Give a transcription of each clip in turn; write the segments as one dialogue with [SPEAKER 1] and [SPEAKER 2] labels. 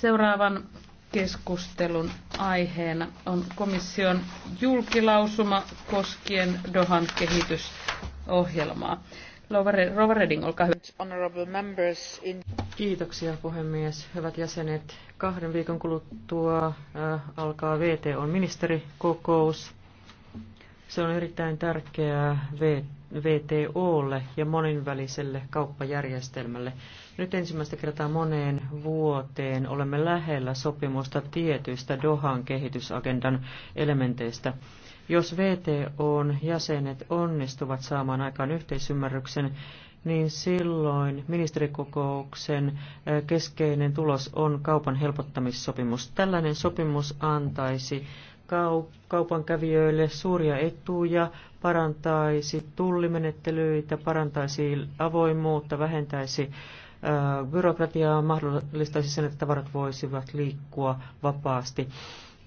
[SPEAKER 1] Seuraavan keskustelun aiheena on komission julkilausuma koskien Dohan kehitysohjelmaa.
[SPEAKER 2] Rova Reding, olkaa hyvä. Kiitoksia puhemies. Hyvät jäsenet, kahden viikon kuluttua äh, alkaa VT on ministerikokous. Se on erittäin tärkeää VT VTOlle ja moninväliselle kauppajärjestelmälle. Nyt ensimmäistä kertaa moneen vuoteen olemme lähellä sopimusta tietyistä Dohan kehitysagendan elementeistä. Jos VTOn jäsenet onnistuvat saamaan aikaan yhteisymmärryksen, niin silloin ministerikokouksen eh, keskeinen tulos on kaupan helpottamissopimus. Tällainen sopimus antaisi kaupankävijöille suuria etuja, parantaisi tullimenettelyitä, parantaisi avoimuutta, vähentäisi byrokratiaa, mahdollistaisi sen, että tavarat voisivat liikkua vapaasti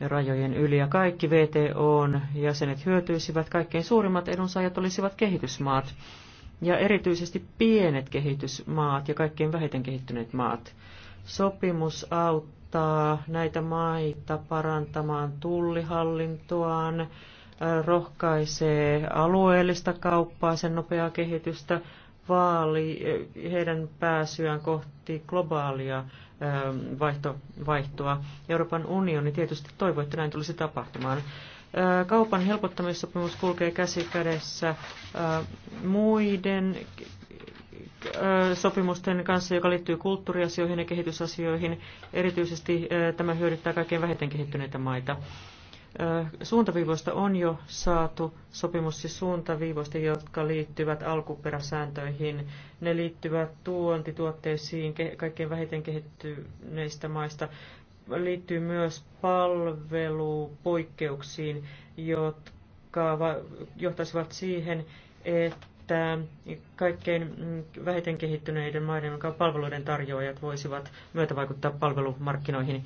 [SPEAKER 2] rajojen yli. Ja kaikki VTOn jäsenet hyötyisivät, kaikkein suurimmat edunsaajat olisivat kehitysmaat. Ja erityisesti pienet kehitysmaat ja kaikkein vähiten kehittyneet maat. Sopimus auttaa auttaa näitä maita parantamaan tullihallintoaan, rohkaisee alueellista kauppaa, sen nopeaa kehitystä, vaali heidän pääsyään kohti globaalia vaihto, vaihtoa. Euroopan unioni tietysti toivoo, että näin tulisi tapahtumaan. Kaupan helpottamissopimus kulkee käsi kädessä muiden sopimusten kanssa, joka liittyy kulttuuriasioihin ja kehitysasioihin. Erityisesti tämä hyödyttää kaikkein vähiten kehittyneitä maita. Suuntaviivoista on jo saatu sopimus siis suuntaviivoista, jotka liittyvät alkuperäsääntöihin. Ne liittyvät tuontituotteisiin kaikkein vähiten kehittyneistä maista. Liittyy myös palvelupoikkeuksiin, jotka johtaisivat siihen, että että kaikkein mm, vähiten kehittyneiden maiden palveluiden tarjoajat voisivat myötävaikuttaa palvelumarkkinoihin.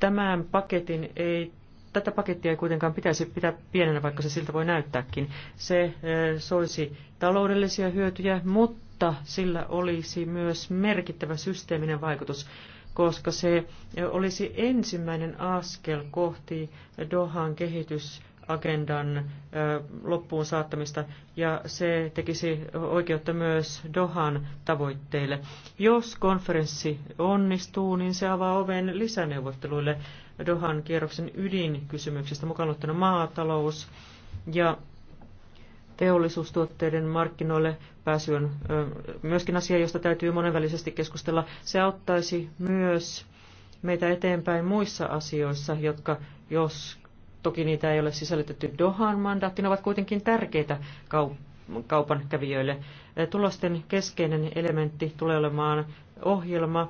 [SPEAKER 2] Tämän paketin ei Tätä pakettia ei kuitenkaan pitäisi pitää pienenä, vaikka se siltä voi näyttääkin. Se soisi taloudellisia hyötyjä, mutta sillä olisi myös merkittävä systeeminen vaikutus koska se olisi ensimmäinen askel kohti Dohan kehitys agendan loppuun saattamista ja se tekisi oikeutta myös Dohan tavoitteille. Jos konferenssi onnistuu, niin se avaa oven lisäneuvotteluille Dohan kierroksen ydinkysymyksistä, mukaan ottanut maatalous ja teollisuustuotteiden markkinoille pääsy on myöskin asia, josta täytyy monenvälisesti keskustella. Se auttaisi myös meitä eteenpäin muissa asioissa, jotka jos Toki niitä ei ole sisällytetty Dohan mandaattiin, ovat kuitenkin tärkeitä kaupan kävijöille. Tulosten keskeinen elementti tulee olemaan ohjelma,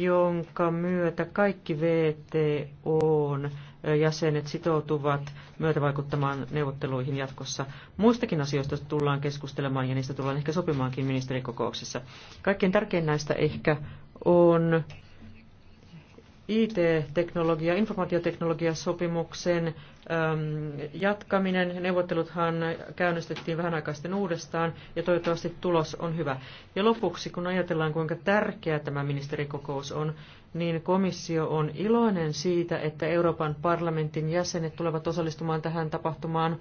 [SPEAKER 2] jonka myötä kaikki VTOn jäsenet sitoutuvat myötävaikuttamaan neuvotteluihin jatkossa. Muistakin asioista tullaan keskustelemaan ja niistä tullaan ehkä sopimaankin ministerikokouksessa. Kaikkein tärkein näistä ehkä on IT-teknologia, informaatioteknologiasopimuksen sopimuksen ähm, jatkaminen. Neuvotteluthan käynnistettiin vähän aikaa sitten uudestaan ja toivottavasti tulos on hyvä. Ja lopuksi, kun ajatellaan kuinka tärkeä tämä ministerikokous on, niin komissio on iloinen siitä, että Euroopan parlamentin jäsenet tulevat osallistumaan tähän tapahtumaan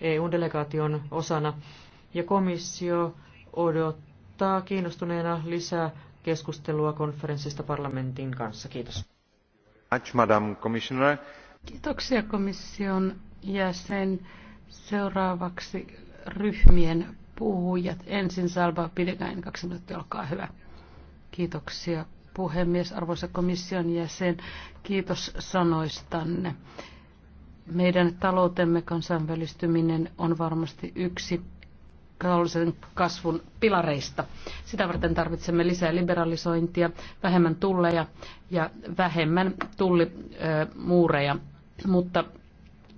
[SPEAKER 2] EU-delegaation osana. Ja komissio odottaa kiinnostuneena lisää keskustelua konferenssista parlamentin kanssa. Kiitos.
[SPEAKER 1] Kiitoksia komission jäsen. Seuraavaksi ryhmien puhujat. Ensin Salva Pidegain, kaksi minuuttia, olkaa hyvä. Kiitoksia puhemies, arvoisa komission jäsen. Kiitos sanoistanne. Meidän taloutemme kansainvälistyminen on varmasti yksi taloudellisen kasvun pilareista. Sitä varten tarvitsemme lisää liberalisointia, vähemmän tulleja ja vähemmän tullimuureja. Mutta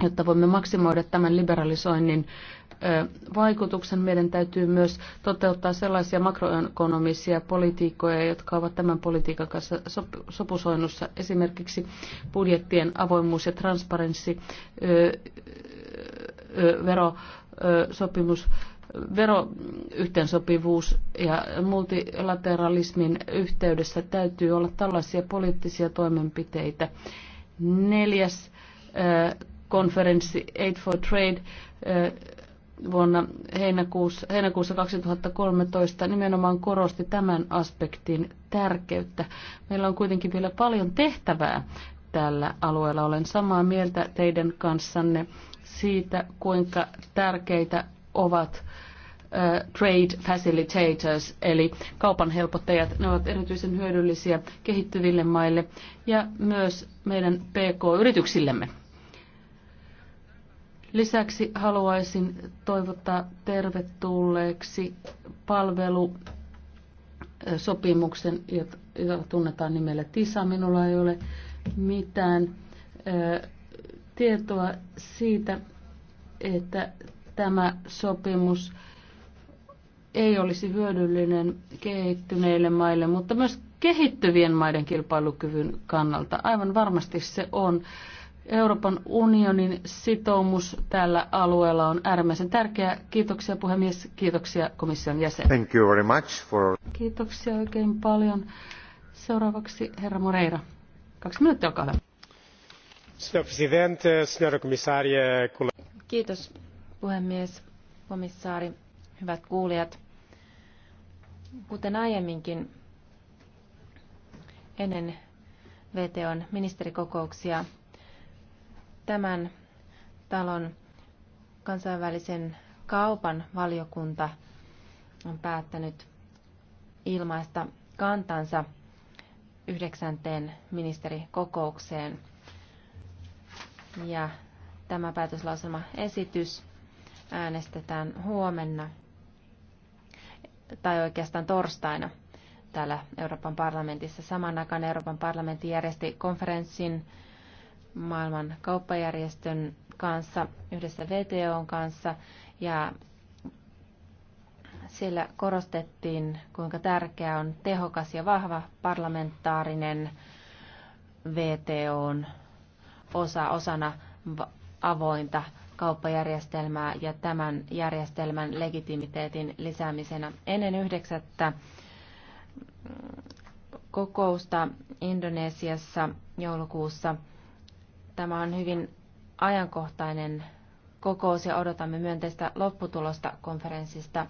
[SPEAKER 1] jotta voimme maksimoida tämän liberalisoinnin vaikutuksen, meidän täytyy myös toteuttaa sellaisia makroekonomisia politiikkoja, jotka ovat tämän politiikan kanssa sopusoinnussa. Esimerkiksi budjettien avoimuus ja transparenssi, verosopimus. Öö, öö, veroyhteensopivuus ja multilateralismin yhteydessä täytyy olla tällaisia poliittisia toimenpiteitä. Neljäs äh, konferenssi Aid for Trade äh, vuonna heinäkuussa, heinäkuussa 2013 nimenomaan korosti tämän aspektin tärkeyttä. Meillä on kuitenkin vielä paljon tehtävää tällä alueella. Olen samaa mieltä teidän kanssanne siitä, kuinka tärkeitä ovat trade facilitators eli kaupan helpottajat. Ne ovat erityisen hyödyllisiä kehittyville maille ja myös meidän PK-yrityksillemme. Lisäksi haluaisin toivottaa tervetulleeksi palvelusopimuksen, jota tunnetaan nimellä TISA. Minulla ei ole mitään tietoa siitä, että tämä sopimus ei olisi hyödyllinen kehittyneille maille, mutta myös kehittyvien maiden kilpailukyvyn kannalta. Aivan varmasti se on. Euroopan unionin sitoumus tällä alueella on äärimmäisen tärkeä. Kiitoksia puhemies, kiitoksia
[SPEAKER 2] komission jäsen. Thank you very much for...
[SPEAKER 1] Kiitoksia oikein paljon. Seuraavaksi herra Moreira. Kaksi minuuttia, olkaa
[SPEAKER 2] hyvä.
[SPEAKER 3] Kiitos puhemies, komissaari, hyvät kuulijat. Kuten aiemminkin ennen VTOn ministerikokouksia, tämän talon kansainvälisen kaupan valiokunta on päättänyt ilmaista kantansa yhdeksänteen ministerikokoukseen. Ja tämä päätöslausuma esitys äänestetään huomenna tai oikeastaan torstaina täällä Euroopan parlamentissa. Saman aikaan Euroopan parlamentti järjesti konferenssin maailman kauppajärjestön kanssa, yhdessä VTOn kanssa, ja siellä korostettiin, kuinka tärkeää on tehokas ja vahva parlamentaarinen VTOn osa osana avointa kauppajärjestelmää ja tämän järjestelmän legitimiteetin lisäämisenä. Ennen yhdeksättä kokousta Indonesiassa joulukuussa tämä on hyvin ajankohtainen kokous ja odotamme myönteistä lopputulosta konferenssista.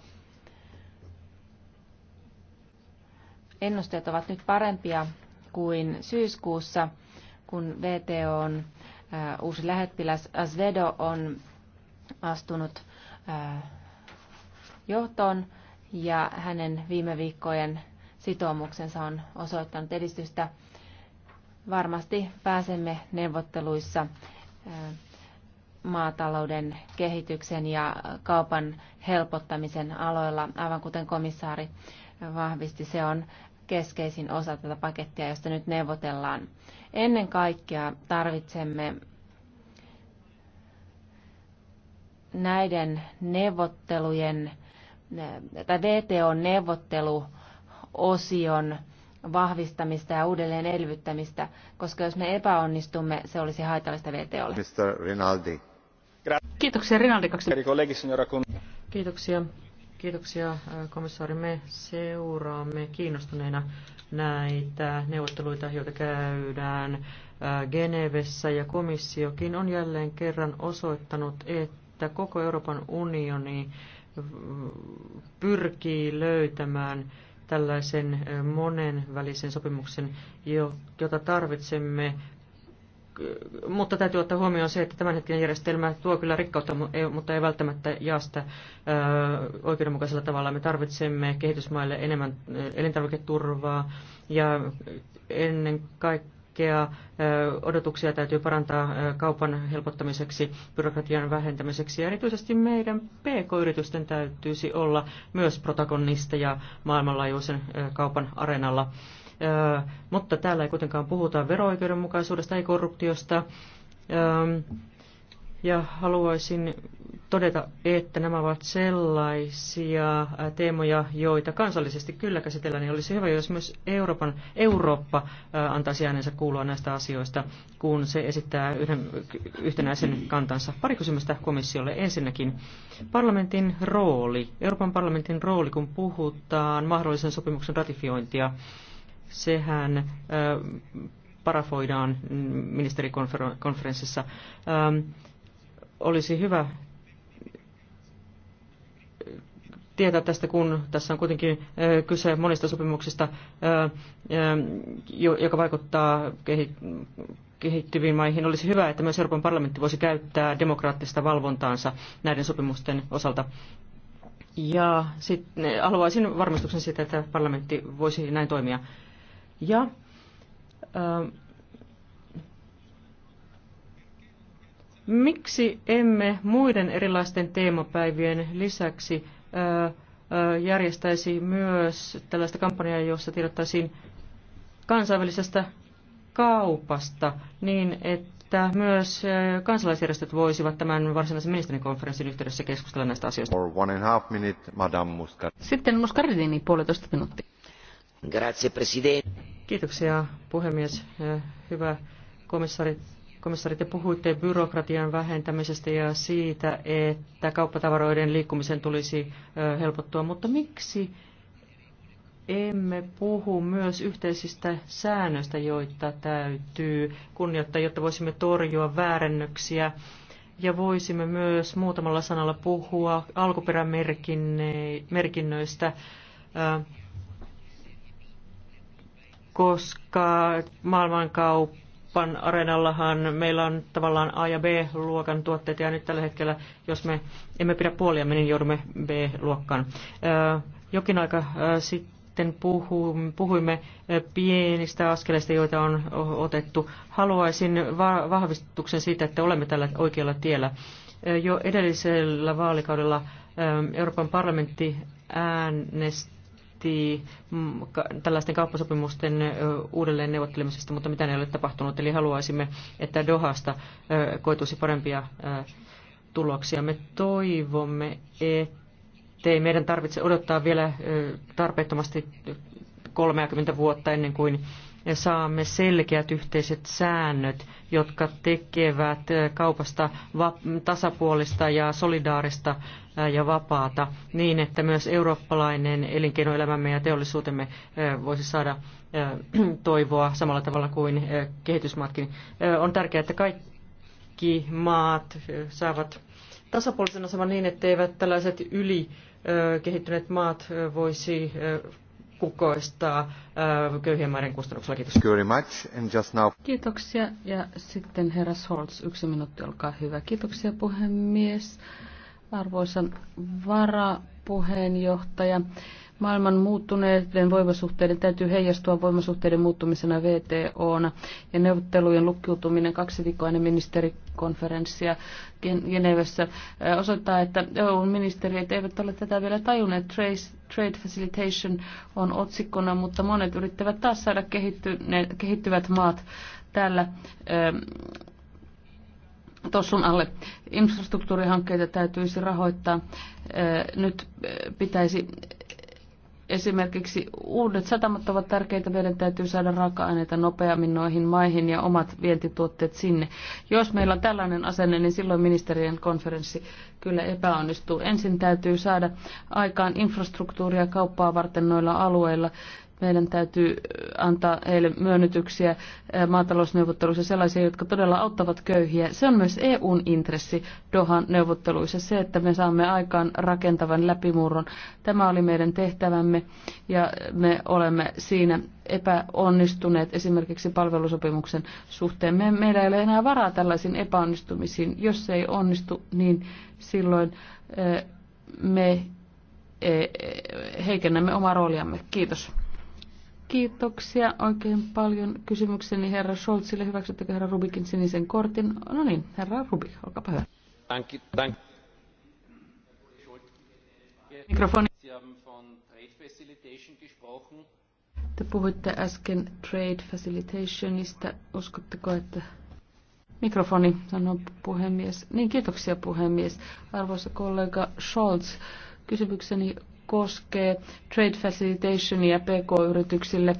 [SPEAKER 3] Ennusteet ovat nyt parempia kuin syyskuussa, kun VTO on Äh, uusi lähettiläs Asvedo on astunut äh, johtoon ja hänen viime viikkojen sitoumuksensa on osoittanut edistystä. Varmasti pääsemme neuvotteluissa äh, maatalouden kehityksen ja kaupan helpottamisen aloilla, aivan kuten komissaari vahvisti. Se on keskeisin osa tätä pakettia, josta nyt neuvotellaan. Ennen kaikkea tarvitsemme näiden neuvottelujen tai VTO-neuvotteluosion vahvistamista ja uudelleen elvyttämistä, koska jos me epäonnistumme, se olisi haitallista VTOlle.
[SPEAKER 2] Mr. Rinaldi.
[SPEAKER 3] Kiitoksia Rinaldi. Kiitoksia Kiitoksia
[SPEAKER 2] komissaari. Me seuraamme kiinnostuneena näitä neuvotteluita, joita käydään Genevessä ja komissiokin on jälleen kerran osoittanut, että koko Euroopan unioni pyrkii löytämään tällaisen monen välisen sopimuksen, jota tarvitsemme mutta täytyy ottaa huomioon se, että tämänhetkinen järjestelmä tuo kyllä rikkautta, mutta ei välttämättä jaa sitä oikeudenmukaisella tavalla. Me tarvitsemme kehitysmaille enemmän elintarviketurvaa ja ennen kaikkea odotuksia täytyy parantaa kaupan helpottamiseksi, byrokratian vähentämiseksi ja erityisesti meidän PK-yritysten täytyisi olla myös protagonisteja maailmanlaajuisen kaupan areenalla mutta täällä ei kuitenkaan puhuta vero-oikeudenmukaisuudesta, ei korruptiosta. Ja haluaisin todeta, että nämä ovat sellaisia teemoja, joita kansallisesti kyllä käsitellään, niin olisi hyvä, jos myös Euroopan, Eurooppa antaisi äänensä kuulua näistä asioista, kun se esittää yhden, yhtenäisen kantansa. Pari kysymystä komissiolle. Ensinnäkin parlamentin rooli, Euroopan parlamentin rooli, kun puhutaan mahdollisen sopimuksen ratifiointia sehän parafoidaan ministerikonferenssissa. Olisi hyvä tietää tästä, kun tässä on kuitenkin kyse monista sopimuksista, joka vaikuttaa kehittyviin maihin. Olisi hyvä, että myös Euroopan parlamentti voisi käyttää demokraattista valvontaansa näiden sopimusten osalta. Ja sitten haluaisin varmistuksen siitä, että parlamentti voisi näin toimia. Ja ö, ähm, miksi emme muiden erilaisten teemapäivien lisäksi ö, äh, ö, äh, järjestäisi myös tällaista kampanjaa, jossa tiedottaisiin kansainvälisestä kaupasta niin, että myös äh, kansalaisjärjestöt voisivat tämän varsinaisen ministerikonferenssin yhteydessä keskustella näistä asioista. Sitten Muscardini puolitoista minuuttia. Kiitoksia puhemies. Hyvä komissari, komissari, te puhuitte byrokratian vähentämisestä ja siitä, että kauppatavaroiden liikkumisen tulisi helpottua, mutta miksi emme puhu myös yhteisistä säännöistä, joita täytyy kunnioittaa, jotta voisimme torjua väärennöksiä ja voisimme myös muutamalla sanalla puhua alkuperämerkinnöistä koska maailmankaupan areenallahan meillä on tavallaan A- ja B-luokan tuotteita, ja nyt tällä hetkellä, jos me emme pidä puolia, niin joudumme B-luokkaan. Jokin aika sitten puhuimme pienistä askeleista, joita on otettu. Haluaisin vahvistuksen siitä, että olemme tällä oikealla tiellä. Jo edellisellä vaalikaudella Euroopan parlamentti äänesti päätti mm, tällaisten kauppasopimusten uudelleen neuvottelemisesta, mutta mitä ei ole tapahtunut. Eli haluaisimme, että Dohasta koituisi parempia tuloksia. Me toivomme, ei meidän tarvitse odottaa vielä tarpeettomasti 30 vuotta ennen kuin saamme selkeät yhteiset säännöt, jotka tekevät eh, kaupasta tasapuolista ja solidaarista eh, ja vapaata niin, että myös eurooppalainen elinkeinoelämämme ja teollisuutemme eh, voisi saada toivoa samalla tavalla kuin kehitysmaatkin. On tärkeää, että kaikki maat saavat tasapuolisen aseman niin, etteivät tällaiset yli kehittyneet maat voisi kukoistaa äh, köyhien maiden kustannuksella. Kiitos.
[SPEAKER 1] Kiitoksia. Ja sitten herra Scholz, yksi minuutti, olkaa hyvä. Kiitoksia puhemies. Arvoisan varapuheenjohtaja. Maailman muuttuneiden voimasuhteiden täytyy heijastua voimasuhteiden muuttumisena VTOna ja neuvottelujen lukkiutuminen kaksi viikkoa ennen ministerikonferenssia Genevessä äh, osoittaa, että EU-ministeriöt eivät ole tätä vielä tajunneet. Trace Trade Facilitation on otsikkona, mutta monet yrittävät taas saada kehittyvät maat täällä ähm, tuossa alle. Infrastruktuurihankkeita täytyisi rahoittaa. Äh, nyt äh, pitäisi Esimerkiksi uudet satamat ovat tärkeitä, meidän täytyy saada raaka-aineita nopeammin noihin maihin ja omat vientituotteet sinne. Jos meillä on tällainen asenne, niin silloin ministerien konferenssi kyllä epäonnistuu. Ensin täytyy saada aikaan infrastruktuuria kauppaa varten noilla alueilla meidän täytyy äh, antaa heille myönnytyksiä äh, maatalousneuvotteluissa sellaisia, jotka todella auttavat köyhiä. Se on myös EUn intressi Dohan neuvotteluissa, se, että me saamme aikaan rakentavan läpimurron. Tämä oli meidän tehtävämme ja me olemme siinä epäonnistuneet esimerkiksi palvelusopimuksen suhteen. Me, meillä ei ole enää varaa tällaisiin epäonnistumisiin. Jos se ei onnistu, niin silloin äh, me e, e, heikennämme omaa rooliamme. Kiitos. Kiitoksia oikein paljon kysymykseni herra Scholzille. Hyväksyttekö herra Rubikin sinisen kortin? No niin, herra Rubik, olkaa hyvä. Thank you, thank. Mikrofoni. Te puhuitte äsken trade facilitationista. Uskotteko, että Mikrofoni, sanoo puhemies. Niin, kiitoksia puhemies. Arvoisa kollega Scholz, kysymykseni koskee trade facilitationia pk-yrityksille.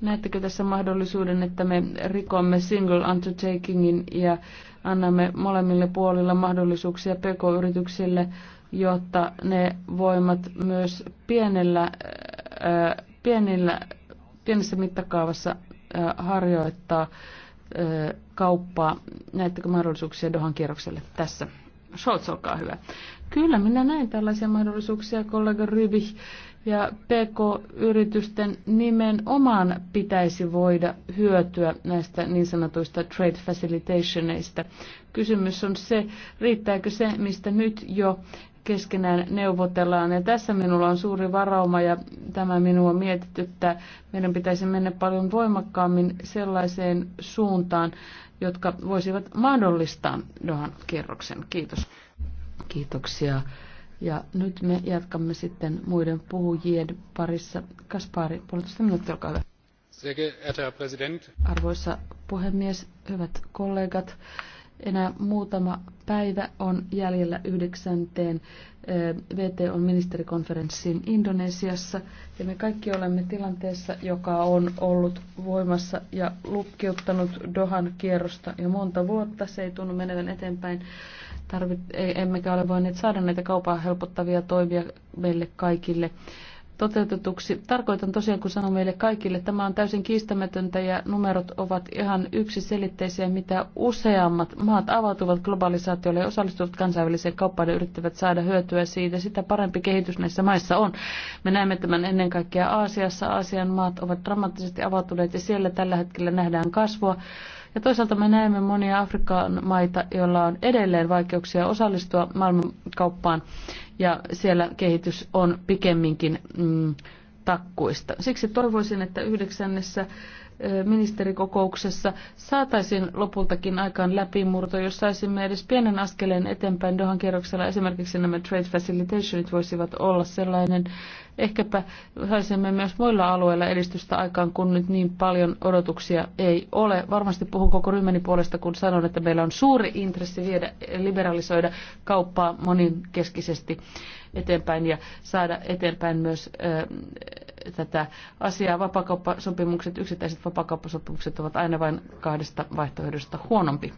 [SPEAKER 1] Näettekö tässä mahdollisuuden, että me rikomme single undertakingin ja annamme molemmille puolilla mahdollisuuksia pk-yrityksille, jotta ne voimat myös pienellä, äh, pienillä, pienessä mittakaavassa äh, harjoittaa äh, kauppaa. Näettekö mahdollisuuksia Dohan kierrokselle tässä? Scholz, olkaa hyvä. Kyllä, minä näin tällaisia mahdollisuuksia, kollega Rybi. Ja PK-yritysten nimenomaan pitäisi voida hyötyä näistä niin sanotuista trade facilitationeista. Kysymys on se, riittääkö se, mistä nyt jo keskenään neuvotellaan. Ja tässä minulla on suuri varauma ja tämä minua että Meidän pitäisi mennä paljon voimakkaammin sellaiseen suuntaan, jotka voisivat mahdollistaa Dohan kierroksen. Kiitos. Kiitoksia. Ja nyt me jatkamme sitten muiden puhujien parissa. Kaspari, puolitoista minuuttia, olkaa hyvä. Arvoisa puhemies, hyvät kollegat. Enää muutama päivä on jäljellä yhdeksänteen VTOn ministerikonferenssiin Indonesiassa. Ja me kaikki olemme tilanteessa, joka on ollut voimassa ja lukkiuttanut Dohan kierrosta jo monta vuotta. Se ei tunnu menevän eteenpäin. Tarvit, e- emmekä ole voineet saada näitä kaupaa helpottavia toimia meille kaikille toteutetuksi. Tarkoitan tosiaan, kun sanon meille kaikille, tämä on täysin kiistämätöntä ja numerot ovat ihan yksiselitteisiä, mitä useammat maat avautuvat globalisaatiolle ja osallistuvat kansainväliseen kauppaan ja yrittävät saada hyötyä siitä. Sitä parempi kehitys näissä maissa on. Me näemme tämän ennen kaikkea Aasiassa. Aasian maat ovat dramaattisesti avautuneet ja siellä tällä hetkellä nähdään kasvua. Ja toisaalta me näemme monia Afrikan maita, joilla on edelleen vaikeuksia osallistua maailmankauppaan ja siellä kehitys on pikemminkin mm, takkuista. Siksi toivoisin, että yhdeksännessä ministerikokouksessa saataisiin lopultakin aikaan läpimurto, jos saisimme edes pienen askeleen eteenpäin Dohan kierroksella. Esimerkiksi nämä trade facilitationit voisivat olla sellainen. Ehkäpä saisimme myös muilla alueilla edistystä aikaan, kun nyt niin paljon odotuksia ei ole. Varmasti puhun koko ryhmäni puolesta, kun sanon, että meillä on suuri intressi viedä, liberalisoida kauppaa moninkeskisesti eteenpäin ja saada eteenpäin myös tätä asiaa. Vapakauppasopimukset, yksittäiset vapakauppasopimukset ovat aina vain kahdesta vaihtoehdosta huonompi.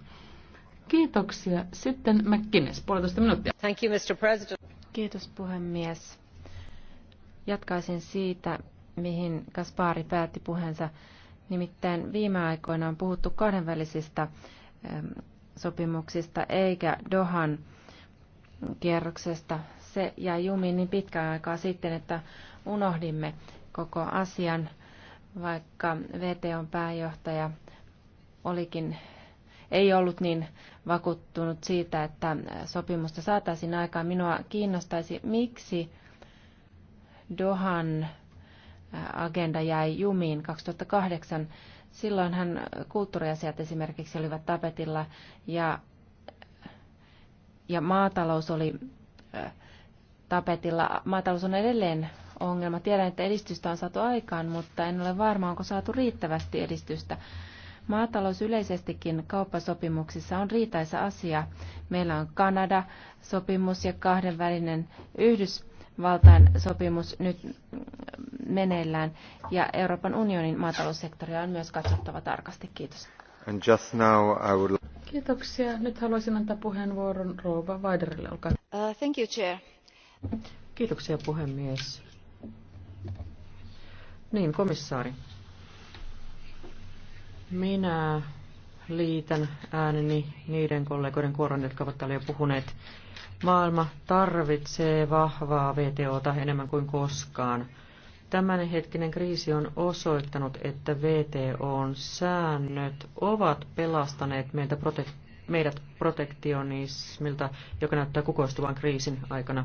[SPEAKER 1] Kiitoksia. Sitten McKinnis, puolitoista minuuttia.
[SPEAKER 3] Thank you, Mr. President. Kiitos puhemies. Jatkaisin siitä, mihin Kaspari päätti puheensa. Nimittäin viime aikoina on puhuttu kahdenvälisistä sopimuksista eikä Dohan kierroksesta. Se jäi jumiin niin pitkään aikaa sitten, että unohdimme koko asian, vaikka VTOn pääjohtaja olikin ei ollut niin vakuuttunut siitä, että sopimusta saataisiin aikaan. Minua kiinnostaisi, miksi Dohan agenda jäi jumiin 2008. Silloinhan kulttuuriasiat esimerkiksi olivat tapetilla ja, ja maatalous oli tapetilla. Maatalous on edelleen ongelma. Tiedän, että edistystä on saatu aikaan, mutta en ole varma, onko saatu riittävästi edistystä. Maatalous yleisestikin kauppasopimuksissa on riitaisa asia. Meillä on Kanada-sopimus ja kahdenvälinen Yhdysvaltain sopimus nyt meneillään. Ja Euroopan unionin maataloussektoria on myös katsottava tarkasti. Kiitos.
[SPEAKER 2] And just now I would...
[SPEAKER 1] Kiitoksia. Nyt haluaisin antaa puheenvuoron
[SPEAKER 2] Rouva Weiderille. Olkaa.
[SPEAKER 1] Uh, thank you, Chair.
[SPEAKER 2] Kiitoksia puhemies. Niin, komissaari. Minä liitän ääneni niiden kollegoiden kuoron, jotka ovat täällä jo puhuneet. Maailma tarvitsee vahvaa VTOta enemmän kuin koskaan. Tämänhetkinen kriisi on osoittanut, että VTOn säännöt ovat pelastaneet meitä prote- meidät protektionismilta, joka näyttää kukoistuvan kriisin aikana.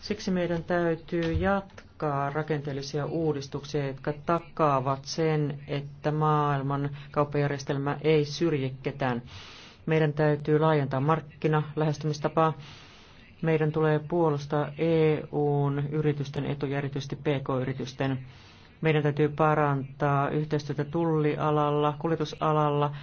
[SPEAKER 2] Siksi meidän täytyy jatkaa rakenteellisia uudistuksia, jotka takaavat sen, että maailman kauppajärjestelmä ei syrji ketään. Meidän täytyy laajentaa markkina lähestymistapaa. Meidän tulee puolustaa EUn yritysten etuja, erityisesti PK-yritysten meidän täytyy parantaa yhteistyötä tullialalla, kuljetusalalla.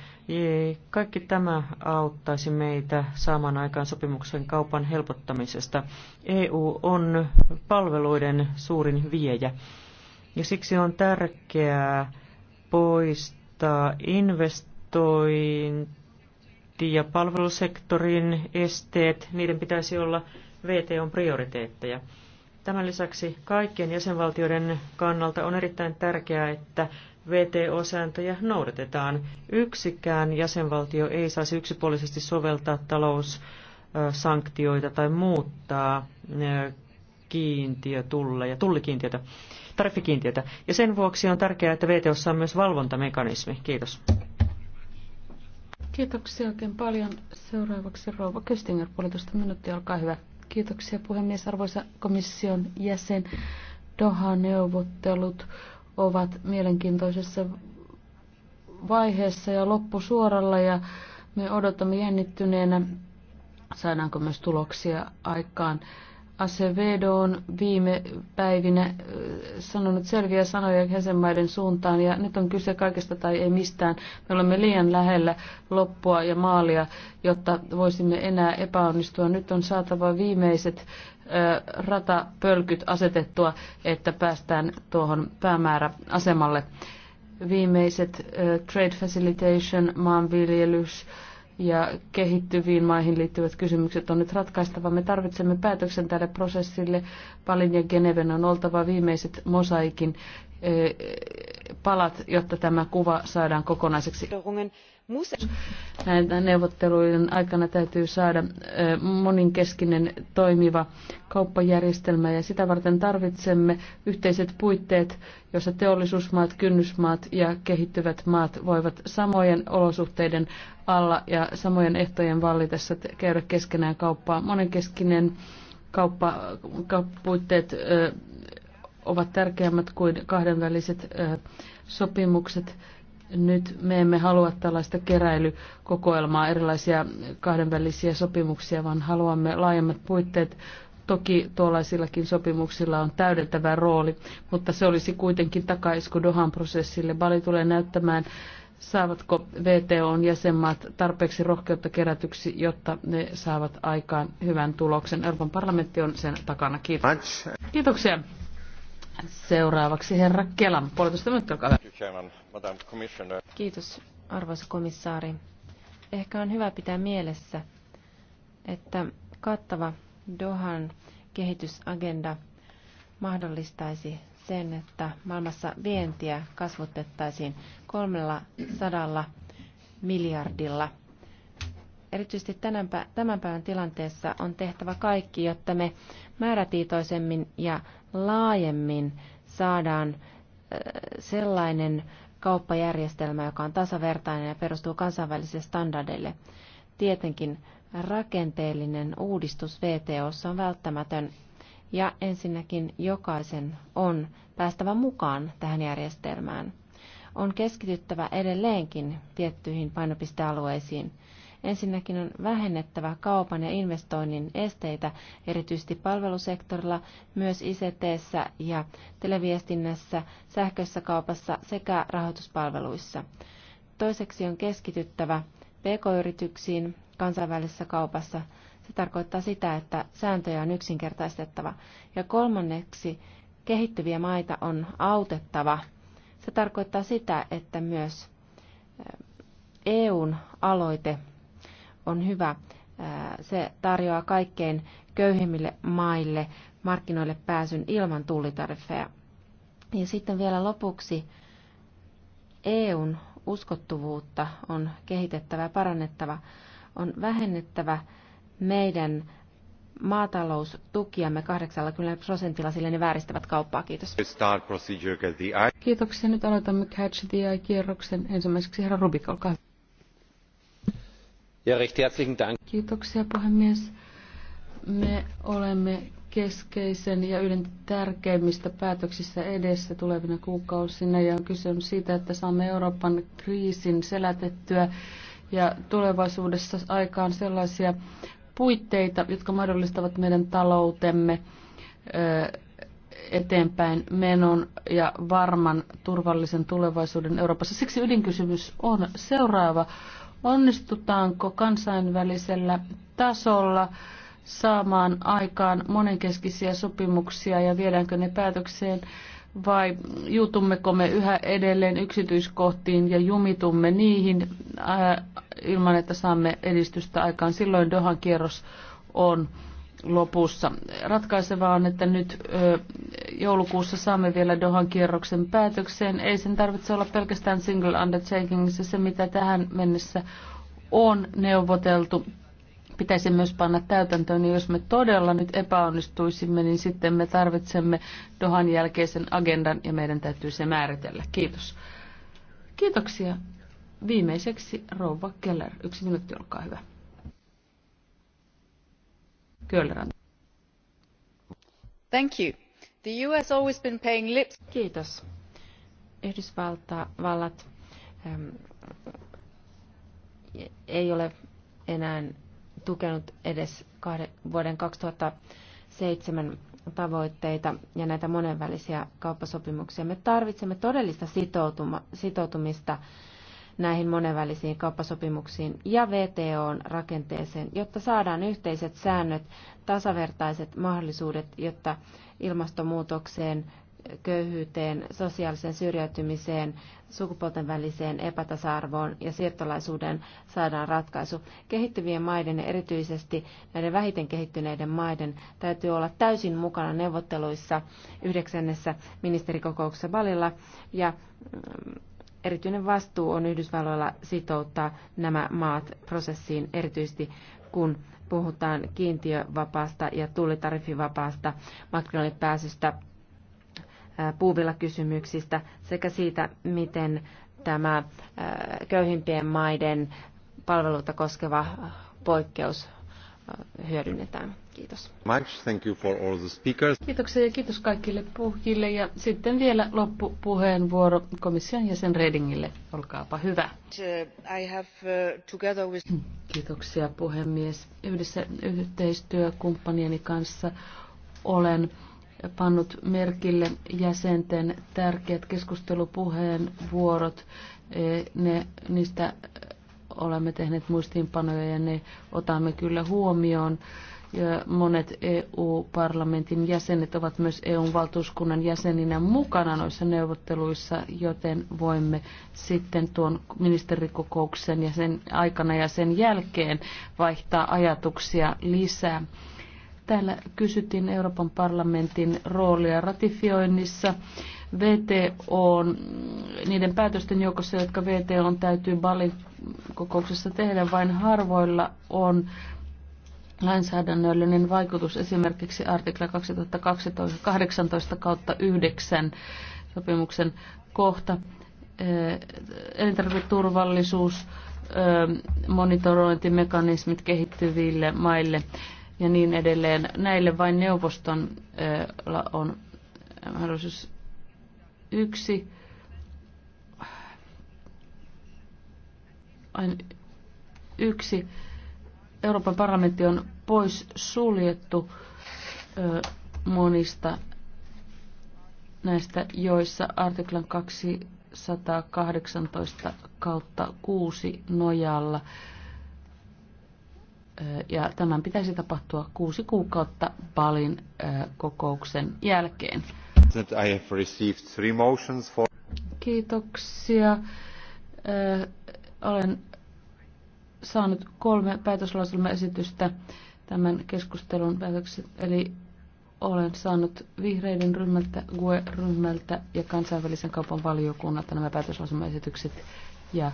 [SPEAKER 2] Kaikki tämä auttaisi meitä saamaan aikaan sopimuksen kaupan helpottamisesta. EU on palveluiden suurin viejä. Ja siksi on tärkeää poistaa investointi- ja palvelusektorin esteet. Niiden pitäisi olla VTOn prioriteetteja. Tämän lisäksi kaikkien jäsenvaltioiden kannalta on erittäin tärkeää, että VTO-sääntöjä noudatetaan. Yksikään jäsenvaltio ei saisi yksipuolisesti soveltaa taloussanktioita tai muuttaa kiintiötulleja, tullikiintiötä, tariffikiintiötä. Ja sen vuoksi on tärkeää, että VTOssa on myös valvontamekanismi. Kiitos.
[SPEAKER 1] Kiitoksia oikein paljon. Seuraavaksi Rouva Köstinger, puolitoista minuuttia, olkaa hyvä. Kiitoksia puhemies. Arvoisa komission jäsen, Doha-neuvottelut ovat mielenkiintoisessa vaiheessa ja loppusuoralla ja me odotamme jännittyneenä, saadaanko myös tuloksia aikaan. Acevedo on viime päivinä sanonut selviä sanoja jäsenmaiden suuntaan ja nyt on kyse kaikesta tai ei mistään. Me olemme liian lähellä loppua ja maalia, jotta voisimme enää epäonnistua. Nyt on saatava viimeiset ratapölkyt asetettua, että päästään tuohon päämääräasemalle. Viimeiset trade facilitation, maanviljelys, ja kehittyviin maihin liittyvät kysymykset on nyt ratkaistava. Me tarvitsemme päätöksen tälle prosessille. Palin ja Geneven on oltava viimeiset mosaikin palat, jotta tämä kuva saadaan kokonaiseksi. Näiden neuvotteluiden aikana täytyy saada moninkeskinen toimiva kauppajärjestelmä ja sitä varten tarvitsemme yhteiset puitteet, joissa teollisuusmaat, kynnysmaat ja kehittyvät maat voivat samojen olosuhteiden alla ja samojen ehtojen vallitessa käydä keskenään kauppaa. Moninkeskinen kauppa, kauppuitteet ovat tärkeämmät kuin kahdenväliset sopimukset. Nyt me emme halua tällaista keräilykokoelmaa, erilaisia kahdenvälisiä sopimuksia, vaan haluamme laajemmat puitteet. Toki tuollaisillakin sopimuksilla on täydentävä rooli, mutta se olisi kuitenkin takaisku Dohan prosessille. Bali tulee näyttämään saavatko VTOn jäsenmaat tarpeeksi rohkeutta kerätyksi, jotta ne saavat aikaan hyvän tuloksen. Euroopan parlamentti on sen takana. Kiitos. Kiitoksia.
[SPEAKER 2] Seuraavaksi herra Kelan, puolitoista minuuttia, olkaa
[SPEAKER 3] hyvä. Kiitos, arvoisa komissaari. Ehkä on hyvä pitää mielessä, että kattava Dohan kehitysagenda mahdollistaisi sen, että maailmassa vientiä kolmella 300 miljardilla. Erityisesti tämän päivän tilanteessa on tehtävä kaikki, jotta me määrätietoisemmin ja laajemmin saadaan sellainen kauppajärjestelmä, joka on tasavertainen ja perustuu kansainvälisille standardeille. Tietenkin rakenteellinen uudistus VTOssa on välttämätön ja ensinnäkin jokaisen on päästävä mukaan tähän järjestelmään. On keskityttävä edelleenkin tiettyihin painopistealueisiin, Ensinnäkin on vähennettävä kaupan ja investoinnin esteitä, erityisesti palvelusektorilla, myös ict ja televiestinnässä, sähköisessä kaupassa sekä rahoituspalveluissa. Toiseksi on keskityttävä pk-yrityksiin kansainvälisessä kaupassa. Se tarkoittaa sitä, että sääntöjä on yksinkertaistettava. Ja kolmanneksi kehittyviä maita on autettava. Se tarkoittaa sitä, että myös EUn aloite on hyvä. Se tarjoaa kaikkein köyhimmille maille markkinoille pääsyn ilman tullitariffeja. Ja sitten vielä lopuksi EUn uskottuvuutta on kehitettävä ja parannettava. On vähennettävä meidän maataloustukiamme 80 prosentilla, sillä ne vääristävät kauppaa. Kiitos.
[SPEAKER 1] Kiitoksia. Nyt aloitamme Catch the Eye-kierroksen. Ensimmäiseksi herra Rubik, olkaa
[SPEAKER 2] ja recht herzlichen Dank.
[SPEAKER 1] Kiitoksia puhemies. Me olemme keskeisen ja yhden tärkeimmistä päätöksissä edessä tulevina kuukausina ja kyse on siitä, että saamme Euroopan kriisin selätettyä ja tulevaisuudessa aikaan sellaisia puitteita, jotka mahdollistavat meidän taloutemme eteenpäin menon ja varman turvallisen tulevaisuuden Euroopassa. Siksi ydinkysymys on seuraava. Onnistutaanko kansainvälisellä tasolla saamaan aikaan monenkeskisiä sopimuksia ja viedäänkö ne päätökseen vai juutummeko me yhä edelleen yksityiskohtiin ja jumitumme niihin ää, äh, ilman, että saamme edistystä aikaan. Silloin Dohan kierros on lopussa. Ratkaisevaa on, että nyt ö, joulukuussa saamme vielä Dohan kierroksen päätökseen. Ei sen tarvitse olla pelkästään single undertakingissa se, mitä tähän mennessä on neuvoteltu. Pitäisi myös panna täytäntöön, niin jos me todella nyt epäonnistuisimme, niin sitten me tarvitsemme Dohan jälkeisen agendan ja meidän täytyy se määritellä. Kiitos. Kiitoksia. Viimeiseksi rouva Keller. Yksi minuutti, olkaa hyvä.
[SPEAKER 3] Kiitos. Yhdysvallat ähm, ei ole enää tukenut edes kahde, vuoden 2007 tavoitteita ja näitä monenvälisiä kauppasopimuksia. Me tarvitsemme todellista sitoutumista näihin monenvälisiin kauppasopimuksiin ja VTOn rakenteeseen, jotta saadaan yhteiset säännöt, tasavertaiset mahdollisuudet, jotta ilmastonmuutokseen, köyhyyteen, sosiaaliseen syrjäytymiseen, sukupuolten väliseen epätasa-arvoon ja siirtolaisuuden saadaan ratkaisu. Kehittyvien maiden ja erityisesti näiden vähiten kehittyneiden maiden täytyy olla täysin mukana neuvotteluissa yhdeksännessä ministerikokouksessa Balilla ja mm, erityinen vastuu on Yhdysvalloilla sitouttaa nämä maat prosessiin, erityisesti kun puhutaan kiintiövapaasta ja tullitariffivapaasta markkinoille pääsystä, puuvillakysymyksistä sekä siitä, miten tämä köyhimpien maiden palveluita koskeva poikkeus hyödynnetään.
[SPEAKER 2] Kiitos. Much. Thank you for all the speakers.
[SPEAKER 3] Kiitoksia ja kiitos kaikille puhujille. Ja
[SPEAKER 1] sitten vielä loppupuheenvuoro komission jäsen Redingille. Olkaapa hyvä.
[SPEAKER 2] Uh, I have, uh, together with...
[SPEAKER 1] Kiitoksia puhemies. Yhdessä yhteistyökumppanieni kanssa olen pannut merkille jäsenten tärkeät keskustelupuheenvuorot. Eh, ne, niistä olemme tehneet muistiinpanoja ja ne otamme kyllä huomioon. Ja monet EU-parlamentin jäsenet ovat myös EU-valtuuskunnan jäseninä mukana noissa neuvotteluissa, joten voimme sitten tuon ministerikokouksen ja sen aikana ja sen jälkeen vaihtaa ajatuksia lisää. Täällä kysyttiin Euroopan parlamentin roolia ratifioinnissa. VTO, niiden päätösten joukossa, jotka VTO täytyy Balin kokouksessa tehdä, vain harvoilla on lainsäädännöllinen vaikutus esimerkiksi artikla 2018 kautta 9 sopimuksen kohta. Eh, elintarviketurvallisuus, eh, monitorointimekanismit kehittyville maille ja niin edelleen. Näille vain neuvoston eh, on mahdollisuus yksi ain yksi Euroopan parlamentti on pois suljettu ö, monista näistä, joissa artiklan 218 kautta 6 nojalla. Ja tämän pitäisi tapahtua kuusi kuukautta Balin kokouksen jälkeen. Kiitoksia. Eh, olen saanut kolme päätöslauselmaesitystä tämän keskustelun päätöksen. eli olen saanut vihreiden ryhmältä, GUE-ryhmältä ja kansainvälisen kaupan valiokunnalta nämä päätöslauselmaesitykset. Ja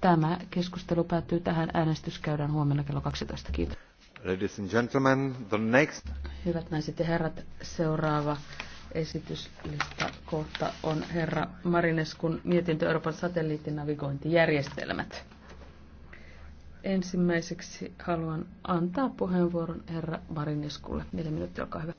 [SPEAKER 1] tämä keskustelu päättyy tähän. Äänestys käydään huomenna kello 12. Kiitos.
[SPEAKER 2] Ladies and gentlemen, the next...
[SPEAKER 1] Hyvät naiset ja herrat, seuraava esityslista kohta on herra Marineskun mietintö Euroopan satelliittinavigointijärjestelmät. Ensimmäiseksi haluan antaa puheenvuoron herra Marineskulle. Neljä minuuttia, olkaa hyvä.